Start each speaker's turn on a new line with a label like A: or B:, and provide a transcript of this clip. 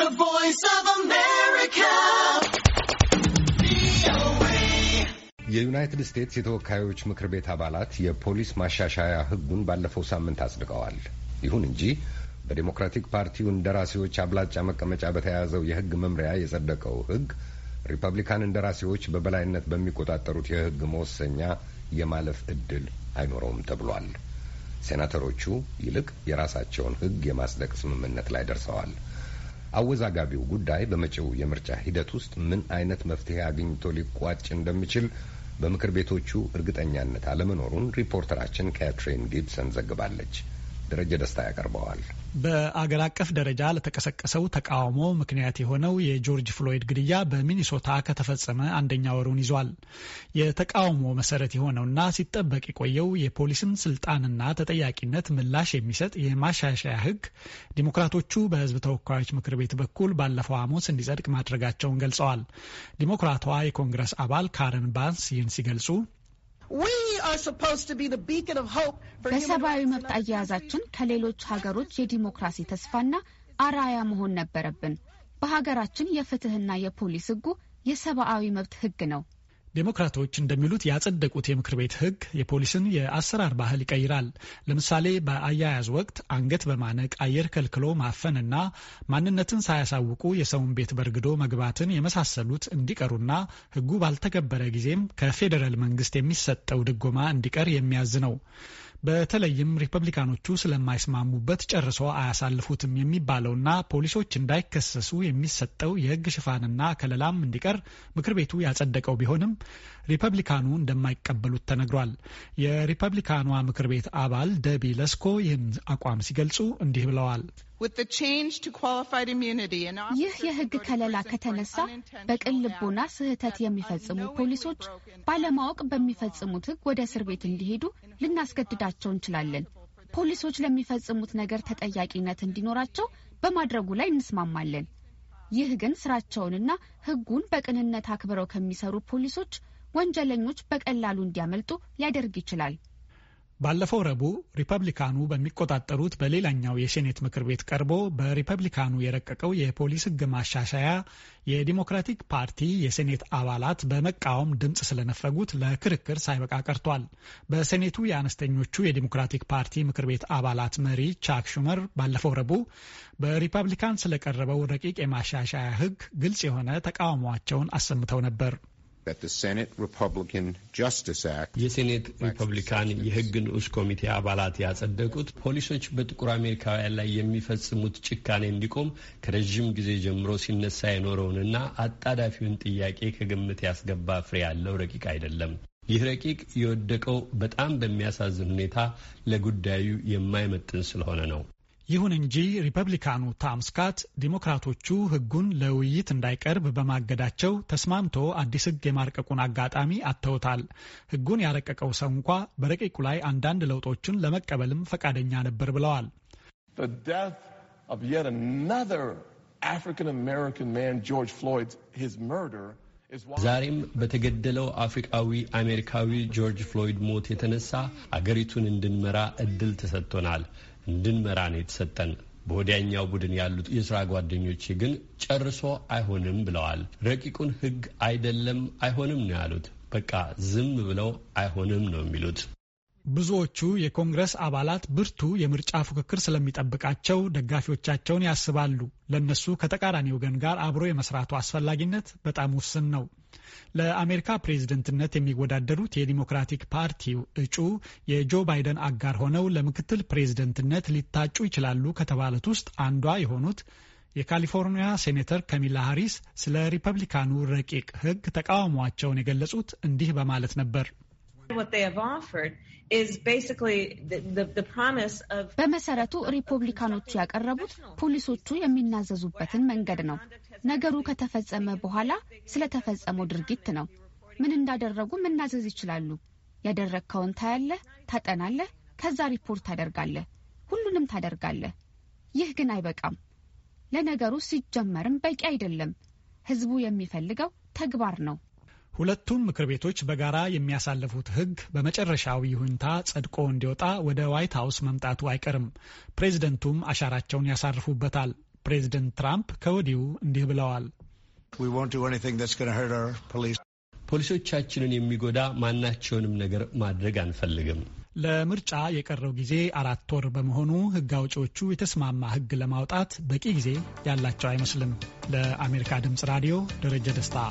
A: The Voice of America.
B: የዩናይትድ ስቴትስ የተወካዮች ምክር ቤት አባላት የፖሊስ ማሻሻያ ሕጉን ባለፈው ሳምንት አጽድቀዋል። ይሁን እንጂ በዴሞክራቲክ ፓርቲው እንደራሴዎች አብላጫ መቀመጫ በተያያዘው የሕግ መምሪያ የጸደቀው ሕግ ሪፐብሊካን እንደራሴዎች በበላይነት በሚቆጣጠሩት የሕግ መወሰኛ የማለፍ እድል አይኖረውም ተብሏል። ሴናተሮቹ ይልቅ የራሳቸውን ሕግ የማጽደቅ ስምምነት ላይ ደርሰዋል። አወዛጋቢው ጉዳይ በመጪው የምርጫ ሂደት ውስጥ ምን አይነት መፍትሄ አግኝቶ ሊቋጭ እንደሚችል በምክር ቤቶቹ እርግጠኛነት አለመኖሩን ሪፖርተራችን ካትሪን ጊብሰን ዘግባለች። ደረጀ ደስታ ያቀርበዋል።
C: በአገር አቀፍ ደረጃ ለተቀሰቀሰው ተቃውሞ ምክንያት የሆነው የጆርጅ ፍሎይድ ግድያ በሚኒሶታ ከተፈጸመ አንደኛ ወሩን ይዟል። የተቃውሞ መሰረት የሆነውና ሲጠበቅ የቆየው የፖሊስን ስልጣንና ተጠያቂነት ምላሽ የሚሰጥ የማሻሻያ ህግ ዲሞክራቶቹ በህዝብ ተወካዮች ምክር ቤት በኩል ባለፈው ሐሙስ እንዲጸድቅ ማድረጋቸውን ገልጸዋል። ዲሞክራቷ የኮንግረስ አባል ካረን ባንስ ይህን ሲገልጹ
A: በሰብአዊ መብት አያያዛችን ከሌሎች ሀገሮች የዲሞክራሲ ተስፋና አራያ መሆን ነበረብን። በሀገራችን የፍትህና የፖሊስ ህጉ የሰብአዊ መብት ህግ ነው።
C: ዴሞክራቶች እንደሚሉት ያጸደቁት የምክር ቤት ህግ የፖሊስን የአሰራር ባህል ይቀይራል። ለምሳሌ በአያያዝ ወቅት አንገት በማነቅ አየር ከልክሎ ማፈንና ማንነትን ሳያሳውቁ የሰውን ቤት በርግዶ መግባትን የመሳሰሉት እንዲቀሩና ህጉ ባልተገበረ ጊዜም ከፌዴራል መንግስት የሚሰጠው ድጎማ እንዲቀር የሚያዝ ነው። በተለይም ሪፐብሊካኖቹ ስለማይስማሙበት ጨርሶ አያሳልፉትም የሚባለውና ፖሊሶች እንዳይከሰሱ የሚሰጠው የሕግ ሽፋንና ከለላም እንዲቀር ምክር ቤቱ ያጸደቀው ቢሆንም ሪፐብሊካኑ እንደማይቀበሉት ተነግሯል። የሪፐብሊካኗ ምክር ቤት አባል ደቢ ለስኮ ይህን አቋም ሲገልጹ እንዲህ ብለዋል።
A: ይህ የህግ ከለላ ከተነሳ በቅን ልቦና ስህተት የሚፈጽሙ ፖሊሶች ባለማወቅ በሚፈጽሙት ህግ ወደ እስር ቤት እንዲሄዱ ልናስገድዳቸው እንችላለን። ፖሊሶች ለሚፈጽሙት ነገር ተጠያቂነት እንዲኖራቸው በማድረጉ ላይ እንስማማለን። ይህ ግን ስራቸውንና ህጉን በቅንነት አክብረው ከሚሰሩ ፖሊሶች ወንጀለኞች በቀላሉ እንዲያመልጡ ሊያደርግ ይችላል።
C: ባለፈው ረቡዕ ሪፐብሊካኑ በሚቆጣጠሩት በሌላኛው የሴኔት ምክር ቤት ቀርቦ በሪፐብሊካኑ የረቀቀው የፖሊስ ሕግ ማሻሻያ የዲሞክራቲክ ፓርቲ የሴኔት አባላት በመቃወም ድምፅ ስለነፈጉት ለክርክር ሳይበቃ ቀርቷል። በሴኔቱ የአነስተኞቹ የዲሞክራቲክ ፓርቲ ምክር ቤት አባላት መሪ ቻክ ሹመር ባለፈው ረቡዕ በሪፐብሊካን ስለቀረበው ረቂቅ የማሻሻያ ሕግ ግልጽ የሆነ ተቃውሟቸውን አሰምተው ነበር።
D: የሴኔት ሪፐብሊካን የሕግ ንዑስ ኮሚቴ አባላት ያጸደቁት ፖሊሶች በጥቁር አሜሪካውያን ላይ የሚፈጽሙት ጭካኔ እንዲቆም ከረዥም ጊዜ ጀምሮ ሲነሳ የኖረውንና አጣዳፊውን ጥያቄ ከግምት ያስገባ ፍሬ ያለው ረቂቅ አይደለም። ይህ ረቂቅ የወደቀው በጣም በሚያሳዝን ሁኔታ ለጉዳዩ የማይመጥን ስለሆነ ነው።
C: ይሁን እንጂ ሪፐብሊካኑ ታም ስካት ዲሞክራቶቹ ሕጉን ለውይይት እንዳይቀርብ በማገዳቸው ተስማምቶ አዲስ ሕግ የማርቀቁን አጋጣሚ አጥተውታል። ሕጉን ያረቀቀው ሰው እንኳ በረቂቁ ላይ አንዳንድ ለውጦችን ለመቀበልም ፈቃደኛ ነበር ብለዋል። ዛሬም በተገደለው
D: አፍሪቃዊ አሜሪካዊ ጆርጅ ፍሎይድ ሞት የተነሳ አገሪቱን እንድንመራ እድል ተሰጥቶናል። እንድንመራ ነው የተሰጠን። በወዲያኛው ቡድን ያሉት የስራ ጓደኞቼ ግን ጨርሶ አይሆንም ብለዋል። ረቂቁን ህግ አይደለም አይሆንም ነው ያሉት። በቃ ዝም ብለው አይሆንም ነው የሚሉት።
C: ብዙዎቹ የኮንግረስ አባላት ብርቱ የምርጫ ፉክክር ስለሚጠብቃቸው ደጋፊዎቻቸውን ያስባሉ። ለእነሱ ከተቃራኒ ወገን ጋር አብሮ የመስራቱ አስፈላጊነት በጣም ውስን ነው። ለአሜሪካ ፕሬዝደንትነት የሚወዳደሩት የዲሞክራቲክ ፓርቲው እጩ የጆ ባይደን አጋር ሆነው ለምክትል ፕሬዝደንትነት ሊታጩ ይችላሉ ከተባሉት ውስጥ አንዷ የሆኑት የካሊፎርኒያ ሴኔተር ከሚላ ሃሪስ ስለ ሪፐብሊካኑ ረቂቅ ሕግ ተቃውሟቸውን የገለጹት እንዲህ በማለት ነበር።
A: በመሰረቱ ሪፑብሊካኖቹ ያቀረቡት ፖሊሶቹ የሚናዘዙበትን መንገድ ነው። ነገሩ ከተፈጸመ በኋላ ስለተፈጸመው ድርጊት ነው። ምን እንዳደረጉ መናዘዝ ይችላሉ። ያደረግከውን ታያለህ፣ ታጠናለህ፣ ከዛ ሪፖርት ታደርጋለህ፣ ሁሉንም ታደርጋለህ። ይህ ግን አይበቃም። ለነገሩ ሲጀመርም በቂ አይደለም። ህዝቡ የሚፈልገው ተግባር ነው።
C: ሁለቱም ምክር ቤቶች በጋራ የሚያሳልፉት ሕግ በመጨረሻዊ ሁኔታ ጸድቆ እንዲወጣ ወደ ዋይት ሀውስ መምጣቱ አይቀርም። ፕሬዝደንቱም አሻራቸውን ያሳርፉበታል። ፕሬዝደንት ትራምፕ ከወዲሁ እንዲህ ብለዋል።
D: ፖሊሶቻችንን የሚጎዳ ማናቸውንም ነገር ማድረግ አንፈልግም።
C: ለምርጫ የቀረው ጊዜ አራት ወር በመሆኑ ሕግ አውጪዎቹ የተስማማ ሕግ ለማውጣት በቂ ጊዜ ያላቸው አይመስልም። ለአሜሪካ ድምፅ ራዲዮ ደረጀ ደስታ